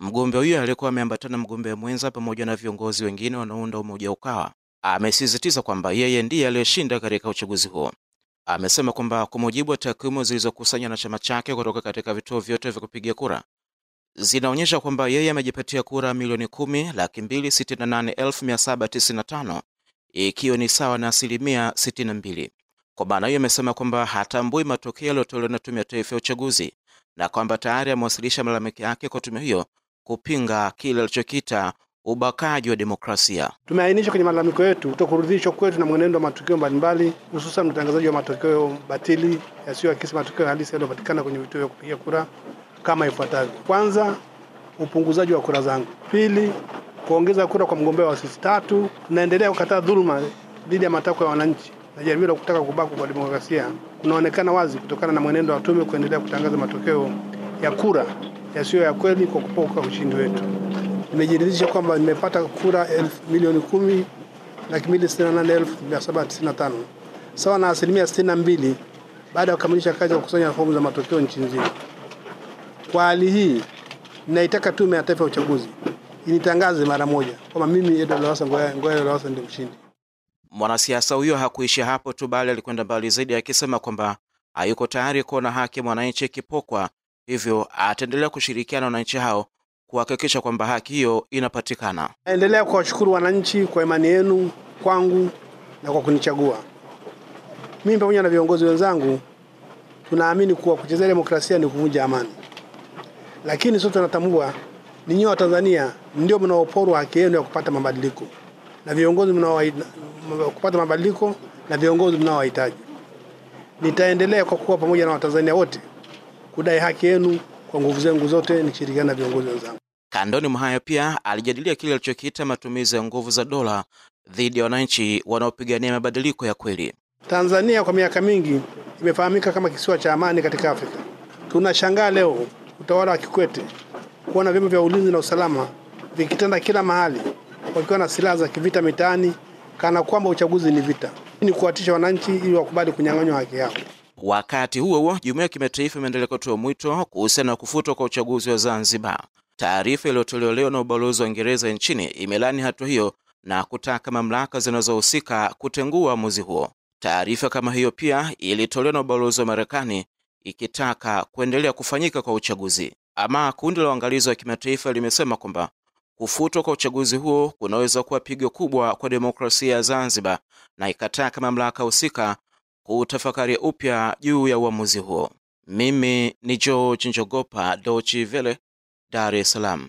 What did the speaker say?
Mgombea huyo aliyekuwa ameambatana mgombea mwenza pamoja na viongozi wengine wanaounda umoja Ukawa amesisitiza kwamba yeye ndiye aliyeshinda katika uchaguzi huo. Amesema kwamba kwa mujibu wa takwimu zilizokusanywa na chama chake kutoka katika vituo vyote vya kupiga kura zinaonyesha kwamba yeye amejipatia kura milioni kumi laki tano ikiwa ni sawa na asilimia 62. Kwa maana hiyo, amesema kwamba hatambui matokeo yaliyotolewa na Tume ya Taifa ya Uchaguzi na kwamba tayari amewasilisha malalamiki yake kwa tume hiyo kupinga kile alichokita ubakaji wa demokrasia. Tumeainisha kwenye malalamiko yetu kutokurudhishwa kwetu na mwenendo wa matukio mbalimbali, hususan utangazaji wa matokeo batili yasiyoakisi matokeo halisi yaliyopatikana kwenye vituo vya kupiga kura kama ifuatavyo: kwanza, upunguzaji wa kura zangu; pili, kuongeza kura kwa mgombea wa sisi; tatu, tunaendelea kukataa dhuluma dhidi ya matakwa ya wananchi na jaribio la kutaka kubakwa kwa demokrasia kunaonekana wazi kutokana na mwenendo wa tume kuendelea kutangaza matokeo ya kura yasiyo ya kweli kwa kupoka ushindi wetu. Nimejiridhisha kwamba nimepata kura milioni kumi laki mbili sitini na nane elfu mia saba tisini na tano sawa na asilimia sitini na mbili baada ya kukamilisha kazi ya kukusanya fomu za matokeo nchi nzima. Kwa hali hii, ninaitaka Tume ya Taifa ya Uchaguzi initangaze mara moja kwamba mimi Edward Lowassa Ngoyai Lowassa ndio mshindi. Mwanasiasa huyo hakuishia hapo tu, bali alikwenda mbali zaidi akisema kwamba hayuko tayari kuona haki mwananchi ikipokwa hivyo ataendelea kushirikiana na nchi hao kuhakikisha kwamba haki hiyo inapatikana. Endelea kuwashukuru wananchi kwa imani yenu kwangu na kwa kunichagua mimi pamoja na viongozi wenzangu. Tunaamini kuwa kuchezea demokrasia ni kuvunja amani, lakini sote tunatambua ninyi wa Tanzania ndio mnaoporwa haki yenu ya kupata mabadiliko na viongozi mnao kupata mabadiliko na viongozi mnaowahitaji. Nitaendelea kwa kuwa pamoja na Watanzania wote kudai haki yenu kwa nguvu zangu zote nikishirikiana na viongozi wenzangu. Kandoni mwa hayo pia alijadilia kile alichokiita matumizi ya nguvu za dola dhidi ya wananchi wanaopigania mabadiliko ya kweli. Tanzania kwa miaka mingi imefahamika kama kisiwa cha amani katika Afrika. Tunashangaa leo utawala wa Kikwete kuona vyombo vya ulinzi na usalama vikitanda kila mahali wakiwa na silaha za kivita mitaani, kana kwamba uchaguzi ni vita. Ni kuwatisha wananchi ili wakubali kunyang'anywa haki yao. Wakati huo huo, jumuiya ya kimataifa imeendelea kutoa mwito kuhusiana na kufutwa kwa uchaguzi wa Zanzibar. Taarifa iliyotolewa leo na ubalozi wa Uingereza nchini imelani hatua hiyo na kutaka mamlaka zinazohusika kutengua uamuzi huo. Taarifa kama hiyo pia ilitolewa na ubalozi wa Marekani ikitaka kuendelea kufanyika kwa uchaguzi. Ama kundi la uangalizi wa kimataifa limesema kwamba kufutwa kwa uchaguzi huo kunaweza kuwa pigo kubwa kwa demokrasia ya Zanzibar, na ikataka mamlaka husika kutafakari upya juu ya uamuzi huo. Mimi ni George Njogopa, Dochi Vele, Dar es Salaam.